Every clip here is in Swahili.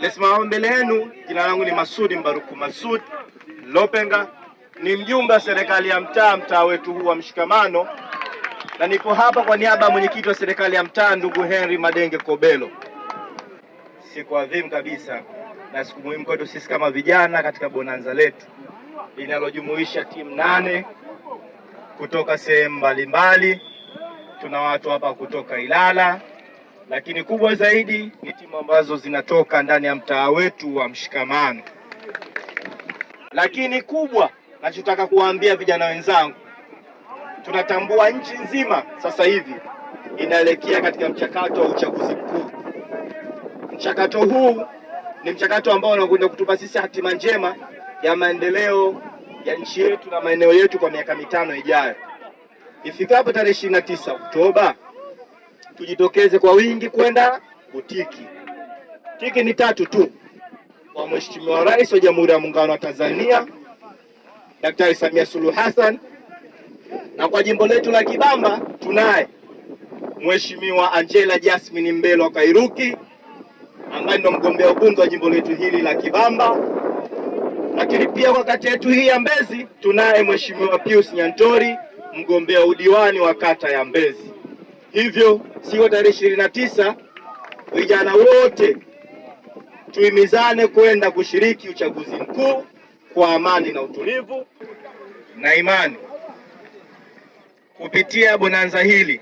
Nasimama mbele yenu, jina langu ni Masudi Mbaruku Masud Lopenga, ni mjumbe wa serikali ya mtaa, mtaa wetu huu wa Mshikamano, na nipo hapa kwa niaba ya mwenyekiti wa serikali ya mtaa ndugu Henry Madenge Kobelo. Siku adhimu kabisa na siku muhimu kwetu sisi kama vijana katika bonanza letu linalojumuisha timu nane kutoka sehemu mbalimbali. Tuna watu hapa kutoka Ilala, lakini kubwa zaidi ni timu ambazo zinatoka ndani ya mtaa wetu wa mshikamano. Lakini kubwa nachotaka kuwaambia vijana wenzangu, tunatambua nchi nzima sasa hivi inaelekea katika mchakato wa uchaguzi mkuu. Mchakato huu ni mchakato ambao unakwenda kutupa sisi hatima njema ya maendeleo ya nchi yetu na maeneo yetu kwa miaka mitano ijayo. Ifikapo tarehe ishirini na tisa Oktoba tujitokeze kwa wingi kwenda kutiki. Tiki ni tatu tu kwa Mheshimiwa Rais wa Jamhuri ya Muungano wa Tanzania Daktari Samia Suluhu Hassan, na kwa jimbo letu la Kibamba tunaye Mheshimiwa Angela Jasmine wa Kairuki ambaye ndo mgombea ubunge wa jimbo letu hili la Kibamba, lakini pia kwa kata yetu hii ya Mbezi tunaye Mheshimiwa Pius Nyantori mgombea udiwani wa kata ya Mbezi. Hivyo siyo tarehe ishirini na tisa, vijana wote tuhimizane kwenda kushiriki uchaguzi mkuu kwa amani na utulivu na imani. Kupitia bonanza hili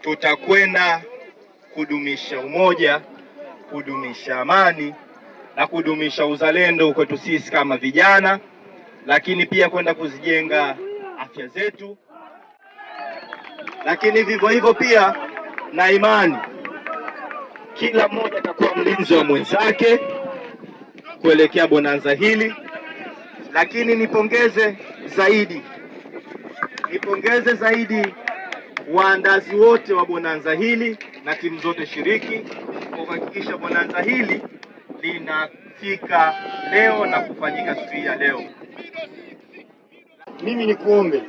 tutakwenda kudumisha umoja, kudumisha amani na kudumisha uzalendo kwetu sisi kama vijana, lakini pia kwenda kuzijenga afya zetu lakini vivyo hivyo pia na imani. Kila mmoja atakuwa mlinzi wa mwenzake kuelekea bonanza hili, lakini nipongeze zaidi, nipongeze zaidi waandazi wote wa bonanza hili na timu zote shiriki kwa kuhakikisha bonanza hili linafika leo na kufanyika siku ya leo. Mimi nikuombe,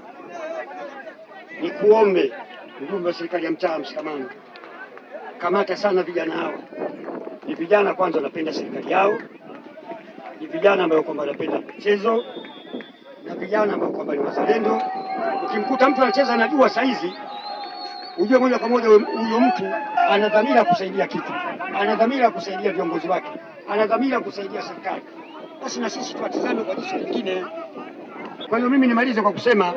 nikuombe Ujumbe wa serikali ya mtaa, mshikamano, kamata sana vijana hao. Ni vijana kwanza wanapenda serikali yao, ni vijana ambao kwamba wanapenda mchezo na vijana ambao kwamba ni wazalendo. Ukimkuta mtu anacheza na anajua saizi, ujue moja kwa moja huyo mtu ana dhamira kusaidia kitu, ana dhamira kusaidia viongozi wake, ana dhamira kusaidia serikali. Basi na sisi tuwatizame kwa jicho lingine. Kwa hiyo mimi nimalize kwa kusema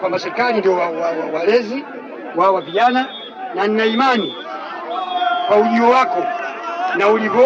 kwamba serikali ndio walezi wa, wa, wa wao wa vijana, na nina imani kwa ujio wako na ulivyo